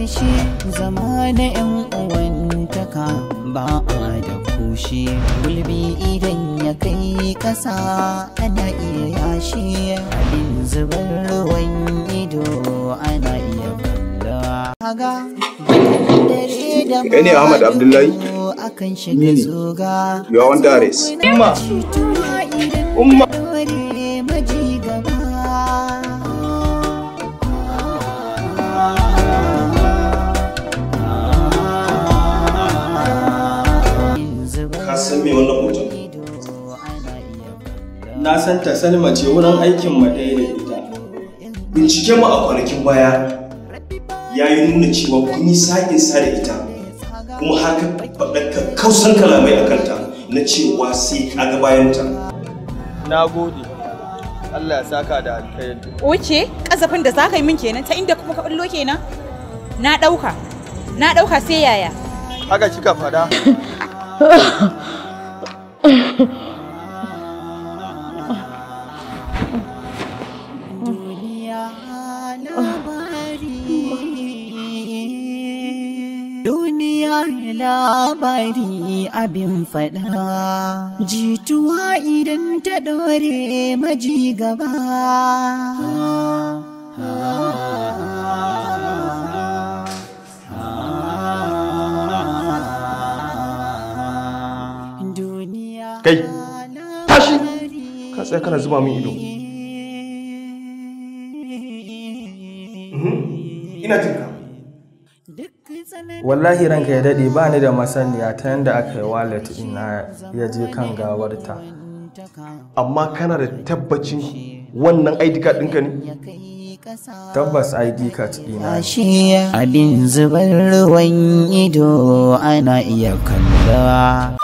ƙarshe zama da 'yan uwantaka ba a da kushi gulbi idan ya kai ƙasa ana iya yashi abin zubar ruwan ido ana iya balla haga ne Ahmad Abdullahi akan shiga zoga yawan dares umma umma na san ta salma ce wurin aikin mu da ita bincike mu a kwanakin baya ya yi nuna cewa kun yi sa'in sa da ita kuma haka faɗa kausar kalamai a kanta na cewa sai ka ga bayanta na gode Allah ya saka da alkhairi oke kasafin da zaka yi min kenan ta inda kuma ka ɓullo kenan na ɗauka na ɗauka sai yaya haka kika faɗa lillahi labari abin fada jituwa idan ta dore maji gaba kai tashi ka tsaye kana zuba min ido mhm. ina jinka wallahi ranka ya daɗe ba ni da masaniya ta yadda aka yi walet ina ya je kan gawarta amma kana da tabbacin wannan id card ɗinka ne tabbas id card ɗina abin zubar ruwan ido ana iya kalla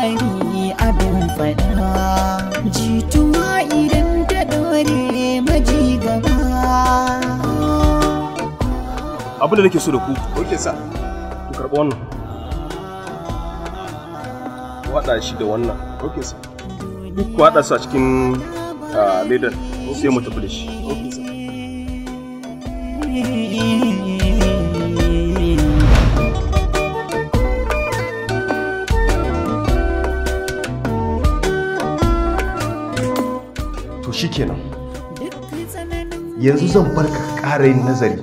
labari abin fada jituwa idan ta dore maji gaba abu da nake so da ku oke sa ku karɓi wannan ku haɗa shi da wannan oke sa duk ku haɗa su a cikin ah, ledar sai mu tafi da shi oke yanzu zan bar ka ƙara yin nazari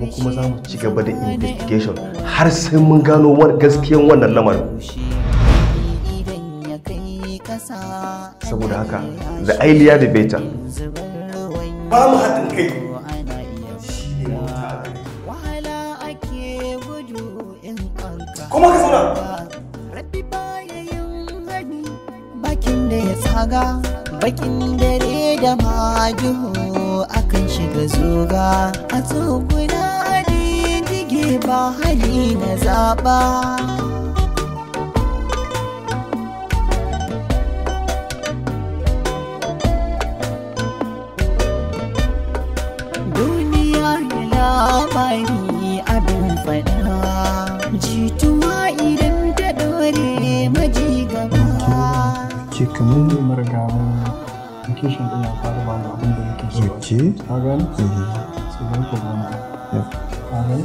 mu kuma za mu ci gaba da investigation har sai mun gano gaskiyan wannan lamarin saboda haka da ailiya da beta ba mu haɗin kai kuma ka zauna bakin da ya tsaga bakin dare da majuhu akan shiga zuga a tsoguna ne dige ba hali na zaba labari abin fada jituwa idan ta dore maji gaba ke kamar mai kishin ina faruwa ce ka gani mhm. su ban ku gani ka gani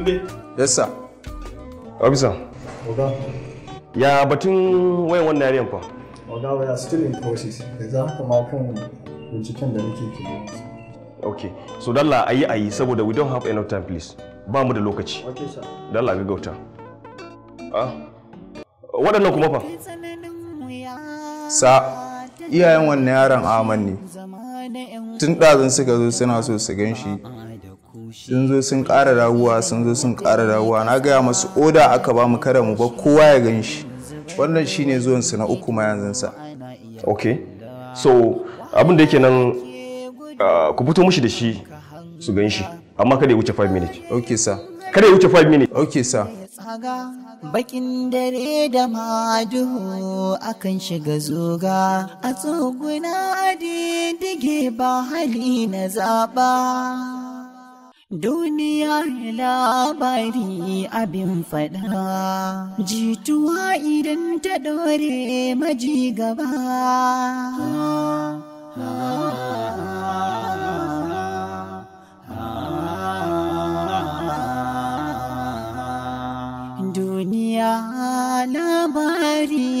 Okay. Yes, sir. Officer. Oga. wannan yaren fa? Oga, we are still in process. Is that for my phone? binciken da nake ke ok so dalla a yi a yi saboda we don't have enough time please ba mu da lokaci ok sir dalla gaggauta ah waɗannan kuma fa sa iyayen wannan yaron aman ne tun ɗazin suka zo suna so su gan shi sun zo sun ƙara raguwa sun zo sun ƙara raguwa na gaya masu oda aka ba mu kada mu ba kowa ya gan shi wannan shine zuwansu na uku ma yanzu sa okay so abin da yake nan ku fito mushi da shi su gan shi amma kada ya wuce 5 minutes okay sir kada ya wuce 5 minutes okay sir bakin dare da maduhu akan shiga zoga a tsoguna didige ba hali na zaba duniya labari abin fada jituwa idan ta dore maji gaba Duniya labari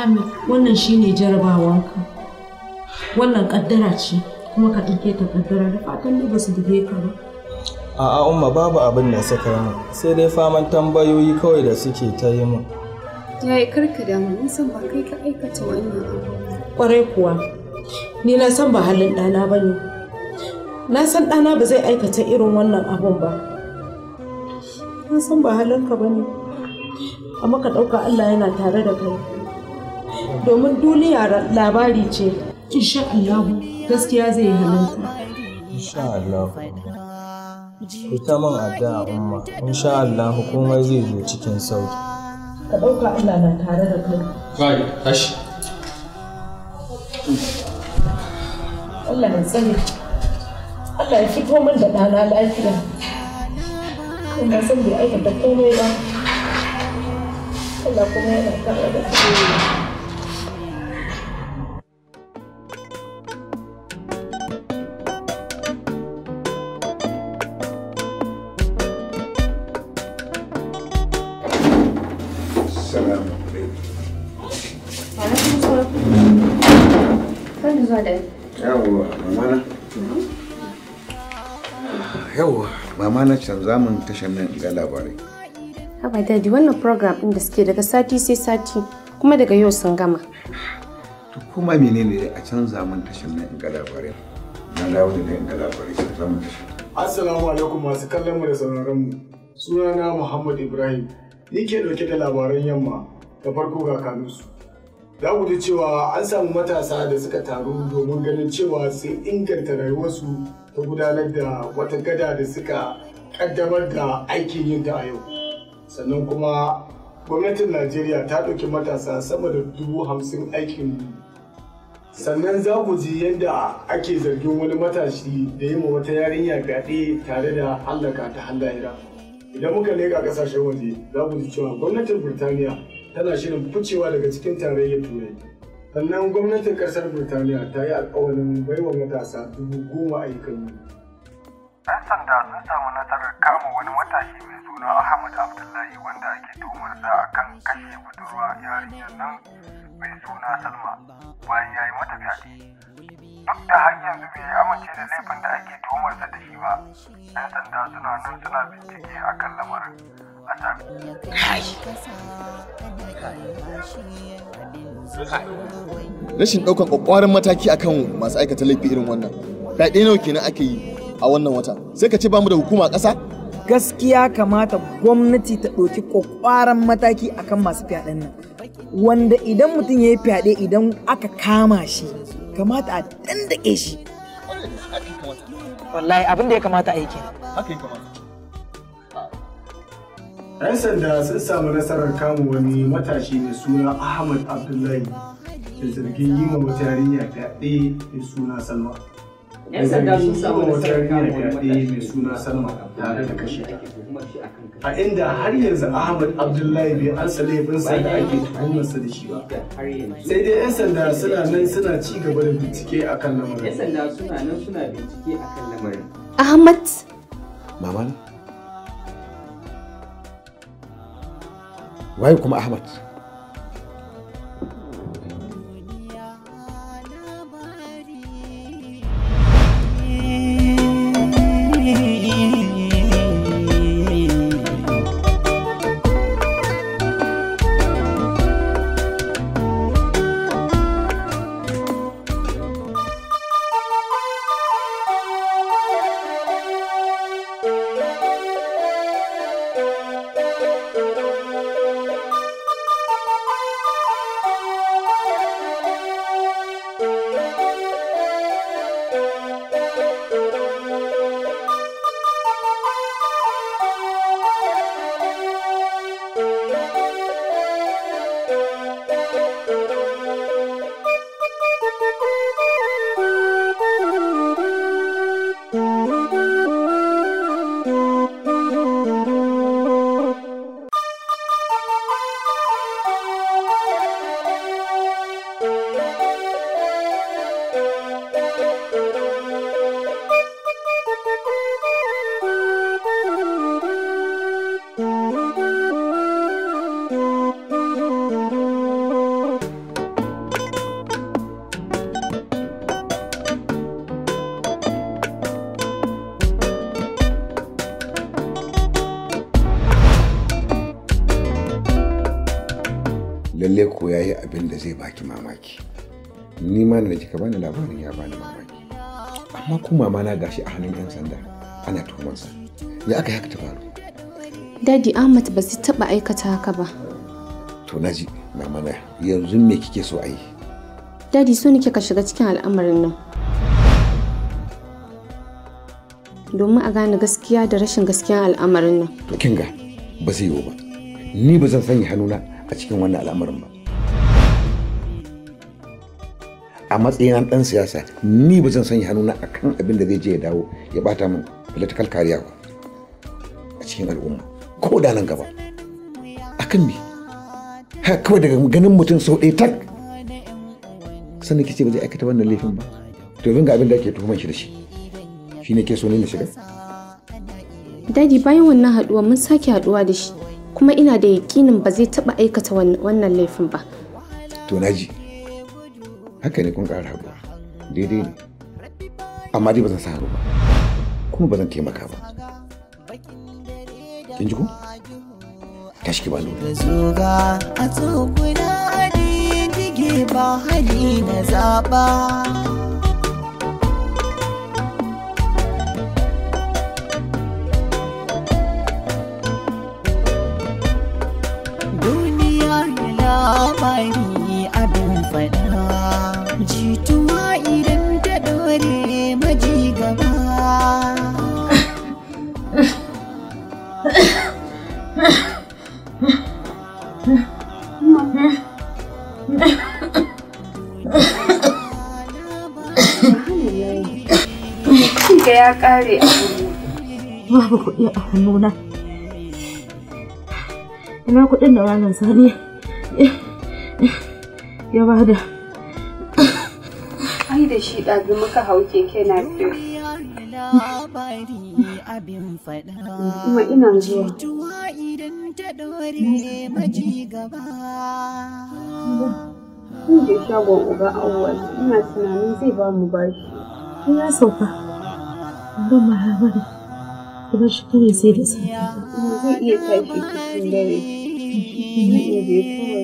Ahmed wannan shine jarabawanka wannan kaddara ce kuma ka ɗauke ta kaddara da fatan ne ba su dige ka ba a'a umma babu abin da suka yi sai dai faman tambayoyi kawai da suke ta yi mu ya yi karka da mun san ba kai ka aikata wannan abu kwarai kuwa ni na san ba halin ɗana ba ne na san ɗana ba zai aikata irin wannan abun ba na san ba halinka ba ne amma ka ɗauka Allah yana tare da kai domin duniya labari ce insha Allah gaskiya zai halinta insha Allah ita man addu'a umma insha Allah kuma zai zo cikin sauki ka dauka Allah na tare da kai kai tashi Allah ya tsare Allah ya fito min da dana lafiya ina son bai aikata komai ba Allah kuma yana tare da kai na zamun tashar nan ga labarai. Haba dadi wannan program ɗin da suke daga sati sai sati kuma daga yau sun gama. To kuma menene a can zamun tashar nan ga labarai. Na dawo da ga labarai sai zamun tashar. Assalamu alaikum masu kallon mu da sauraron mu. Sunana Muhammad Ibrahim. Ni ke dauke da labaran yamma da farko ga kanunsu. Za cewa an samu matasa da suka taru domin ganin cewa sun inganta rayuwarsu ta gudanar da wata gada da suka kaddamar da aikin yin ta a yau sannan kuma gwamnatin najeriya ta ɗauki matasa sama da dubu hamsin aikin sannan za ku ji yadda ake zargin wani matashi da yi wata yarinya fyaɗe tare da hallaka ta hallahira idan muka leƙa ƙasashen waje za ku ji cewa gwamnatin Birtaniya tana shirin ficewa daga cikin tarayyar turai sannan gwamnatin ƙasar Birtaniya ta yi alƙawarin baiwa matasa dubu goma ayyukan yi. 'yan sanda sun samu kashe budurwa yarinyar nan mai suna salma bayan ya yi mata fyaɗe duk da har yanzu bai amince da laifin da ake tuhumarsa da shi ba yan sanda suna nan suna bincike a kan lamarin a rashin ɗaukar ƙwaƙwarin mataki akan masu aikata laifi irin wannan fyaɗe nawa kenan ake yi a wannan wata sai ka ce bamu da hukuma ƙasa gaskiya kamata gwamnati ta ɗauki ƙwaƙwaran mataki akan masu fyaɗen nan wanda idan mutum ya yi fyaɗe idan aka kama shi kamata a dandake shi wallahi abin da ya kamata a 'yan sanda sun samu nasarar kamun wani matashi mai suna ahmad abdullahi da zargin yi wa mutane yaɗe mai suna salma 'yan sanda sun samu nasarar kama wani mai suna salma tare da kashe a inda har yanzu ahmad abdullahi bai ansa laifinsa da ake tuhumarsa da shi ba sai dai 'yan sanda suna nan suna ci gaba da bincike a kan lamarin 'yan sanda suna nan suna bincike a kan lamarin ahmad mama waye kuma ahmad abin da zai baki mamaki ni ma da kika bani labarin ya bani mamaki amma ko mama na gashi a hannun yan sanda ana tuhumarsa ya aka haka ta faru dadi ahmad ba zai taba aikata haka ba to naji mama na yanzu me kike so a yi dadi so nake ka shiga cikin al'amarin nan domin a gane gaskiya da rashin gaskiya al'amarin nan to kinga ba zai yiwu ba ni ba zan sanya hannuna a cikin wannan al'amarin ba a matsayin ɗan siyasa ni ba zan sanya hannuna a kan abin da zai je ya dawo ya bata min political kariya a cikin al'umma ko da nan gaba a kan me haka kawai daga ganin mutum sau ɗaya tak sannan kice ba zai aikata wannan laifin ba domin ga abin da ake tuhuman shi da shi shi ne ke so ne na shiga daji bayan wannan haduwa mun sake haduwa da shi kuma ina da yakinin ba zai taba aikata wannan laifin ba. To naji. haka ne kun kara haƙuwa daidai ne amma dai ba zan sa ba kuma ba zan taimaka ba in ji ku tashi ki ba lura zuga a tsoguna ne ba hali na zaba a Babu kuɗi a hannuna. Ina kuɗin da malam Sani ya bada. Ai da shi ɗazu muka hau keke na labari abin faɗa kuma ina zuwa idan kun shagon uba ina tunanin zai ba mu bashi sauka ban mahamadu ku bar shi sai da zai iya tashi cikin dare iya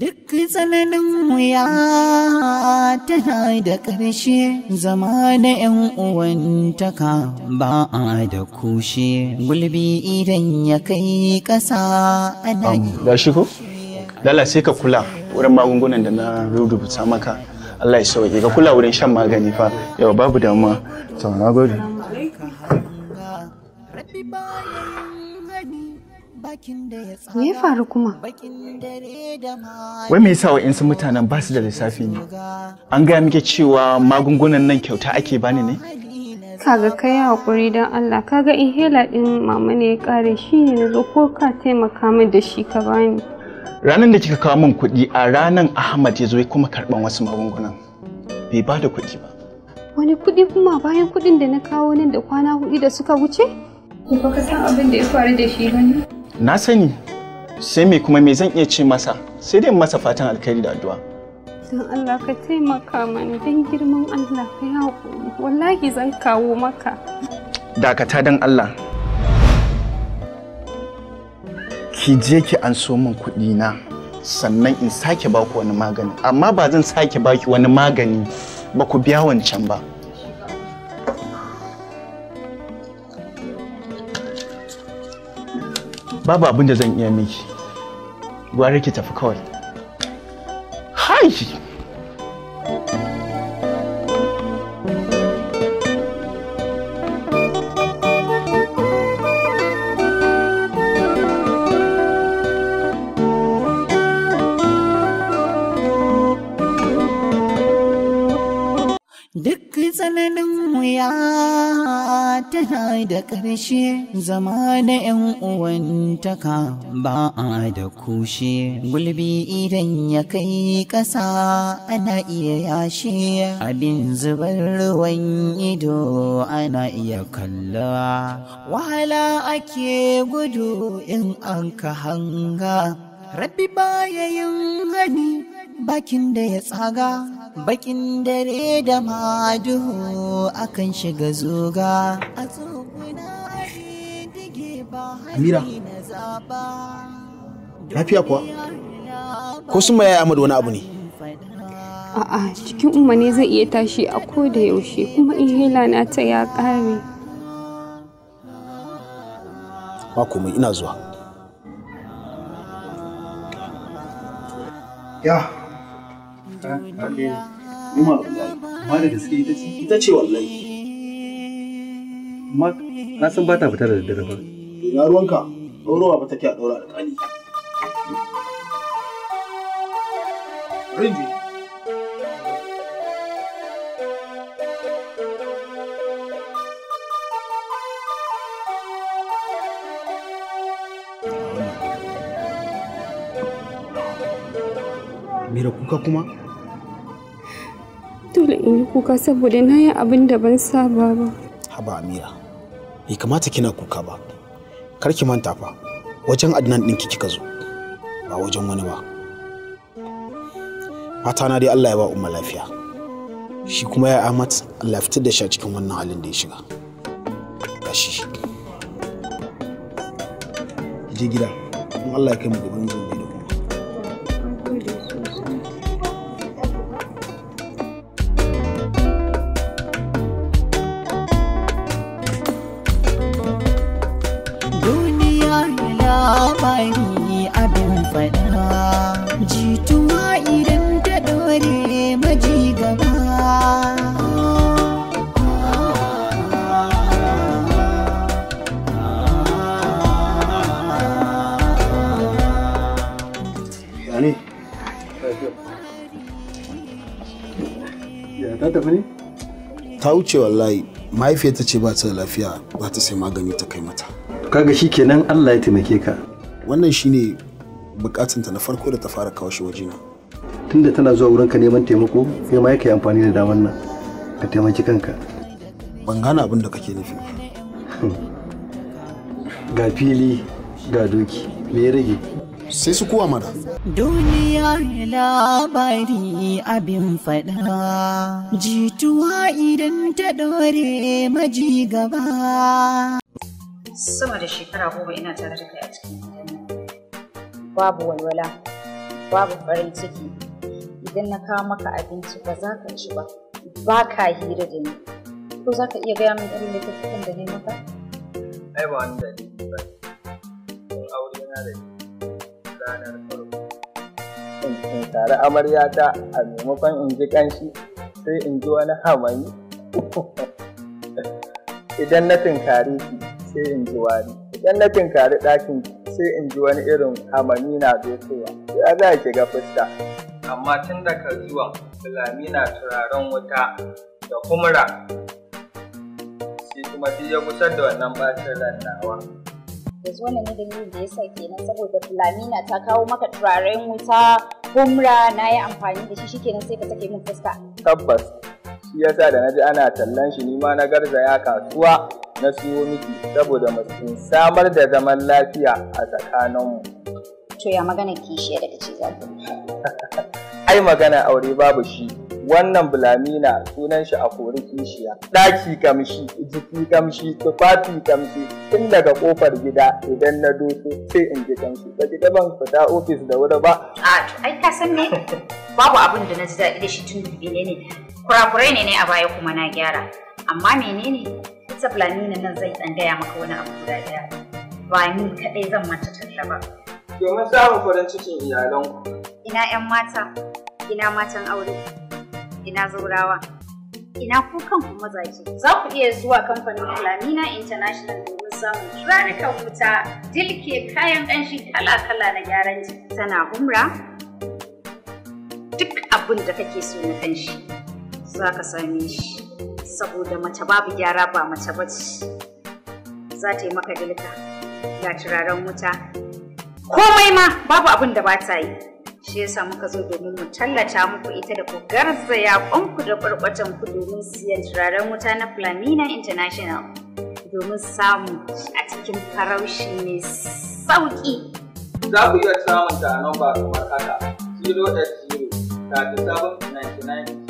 Duk tsananin wuya tana da ƙarshe zama da ‘yan uwantaka ba a da kushe gulbi idan ya kai ƙasa ana yi. Ga shi ko? Lala sai ka kula. wurin magungunan da na rubuta maka Allah ya sauke ka kula wurin shan magani fa yau babu damuwa to na gode Me ya faru kuma? Wai me yasa wa'insu mutanen ba su da lissafi ne? An gaya muke cewa magungunan nan kyauta ake bani ne? Kaga kai hakuri haƙuri don Allah, kaga inhaler ɗin mama ne ya kare shi ne na zo ko ka taimaka min da shi ka bani. Ranan da kika kawo min kuɗi a ranan ahmad ya zo ya kuma karɓan wasu magungunan bai ba da kuɗi ba wani kuɗi kuma bayan kuɗin da na kawo nan da kwana hudu da suka wuce ba ka san abin da ya faru da shi bane na sani sai me kuma me zan iya ce masa sai dai masa fatan alkhairi da addu'a don Allah ka taimaka mana don girman Allah ka haƙuri. wallahi zan kawo maka dakata don Allah ki je ki an so min kuɗi na sannan in sake baku wani magani amma ba zan sake baki wani magani ba ku biya wancan ba babu abin da zan iya miki gwara ki tafi kawai hai ƙarshe zama da ‘yan uwantaka ba a da kushe gulbi idan ya kai ƙasa ana iya yashe abin zubar ruwan ido ana iya kalla wahala ake gudu in an ka hanga ya bayayin gani bakin da ya tsaga bakin dare da maduhu akan shiga zoga a tsoguna dige ba Amira lafiya kuwa ko sun ma amur wani abu ne a'a cikin umarni zai iya tashi a ko da yaushe kuma inhaler na ta ya kare ba komai ina zuwa ya yeah. duniya Umar wallahi ba da gaske ita ce wallahi ma na san ba ta fita da daddare ba ina ruwanka ɗaurowa ba take a ɗaura alƙali Rinji Mira kuka kuma? dole in yi kuka saboda na yi abin da ban saba ba. Haba Amira, bai kamata kina kuka ba. Kar ki manta fa, wajen Adnan ɗinki kika zo, ba wajen wani ba. Mata na dai Allah ya ba umma lafiya. Shi kuma ya Ahmad Allah ya fitar da shi a cikin wannan halin da ya shiga. Gashi. Je gida, in Allah ya kai mu gaban zuwa. tafi ne? Ta wuce wallahi mahaifiyarta ce ba ta da lafiya za ta sai magani ta kai mata. Kaga shi kenan Allah ya taimake ka. Wannan shine bukatunta na farko da ta fara kawo shi na Tunda tana zuwa wurin ka neman taimako sai ma yake amfani da damar nan ka taimaki kanka. Ban gane abin da kake nufi. Ga fili ga doki me ya rage? sai su kuwa mana. Duniya labari abin faɗa, jituwa idan ta ɗore maji gaba. Sama da shekara goma ina tare da kai a cikin Babu walwala, babu farin ciki. Idan na kawo maka abinci ba za ka ci ba, ba ka hira da ni. Ko za ka iya gaya min irin littattafan da ni maka? Ai ba wani dalili ba. Aure na da ni. ranar farko in tare amaryata a maimakon in ji kanshi sai in ji wani hamani idan na tunkari ki sai in ji wani idan na tunkari ɗakin sai in ji wani irin hamani na dokowa ya za ki ga fuska amma tun ka zuwa fulani na turaren wuta da kumra shi kuma duk ya kusa da wannan bacin rannawa yanzu wannan ne ni da ya sa kenan saboda na ta kawo maka turaren wuta humra na yi amfani da shi shikenan sai ka take min fuska tabbas shi yasa da na ji ana tallan shi nima na garzaya kasuwa na siyo miki saboda mu samar da zaman lafiya a tsakaninmu to ya magana kishiya daga ai magana aure babu shi wannan bulamina sunan shi a kori kishiya ɗaki kamshi jiki kamshi tufafi kamshi tun daga kofar gida idan na doso sai in ji kamshi ba ki daban fita ofis da wuri ba a ai ka san me babu abin da na ji daɗi da shi tun dubi ne kurakurai ne ne a baya kuma na gyara amma menene ita bulamina nan zai dan gaya maka wani abu guda ɗaya ba ni kadai zan mata talla ba domin samun farin cikin iyalanku ina 'yan mata ina matan aure ina zaurawa ina ku kanku mazaje za ku iya zuwa kamfanin Flamina International domin samun ka wuta dilke kayan ƙanshi kala-kala na gyaran jiki tana humra duk abin da kake so na ƙanshi za ka same shi saboda mace babu gyara ba mace ba ce za ta yi maka dilka ga turaren wuta komai ma babu abin da ba ta yi shi yasa muka zo domin mu tallata muku ita da ku garzaya ƙwanku da ƙwarƙwatan ku domin siyan turaren wuta na Flamina International domin samu a cikin faraushi mai sauƙi. Za ku iya samun ta a nan ba kamar haka 080 0 99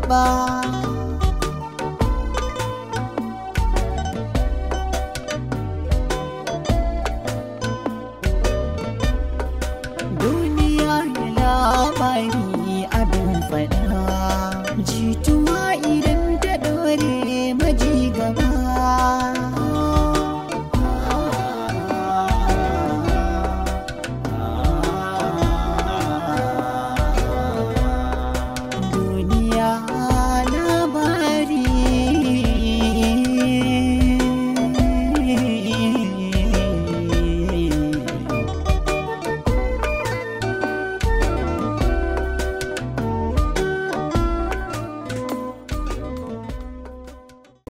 baba.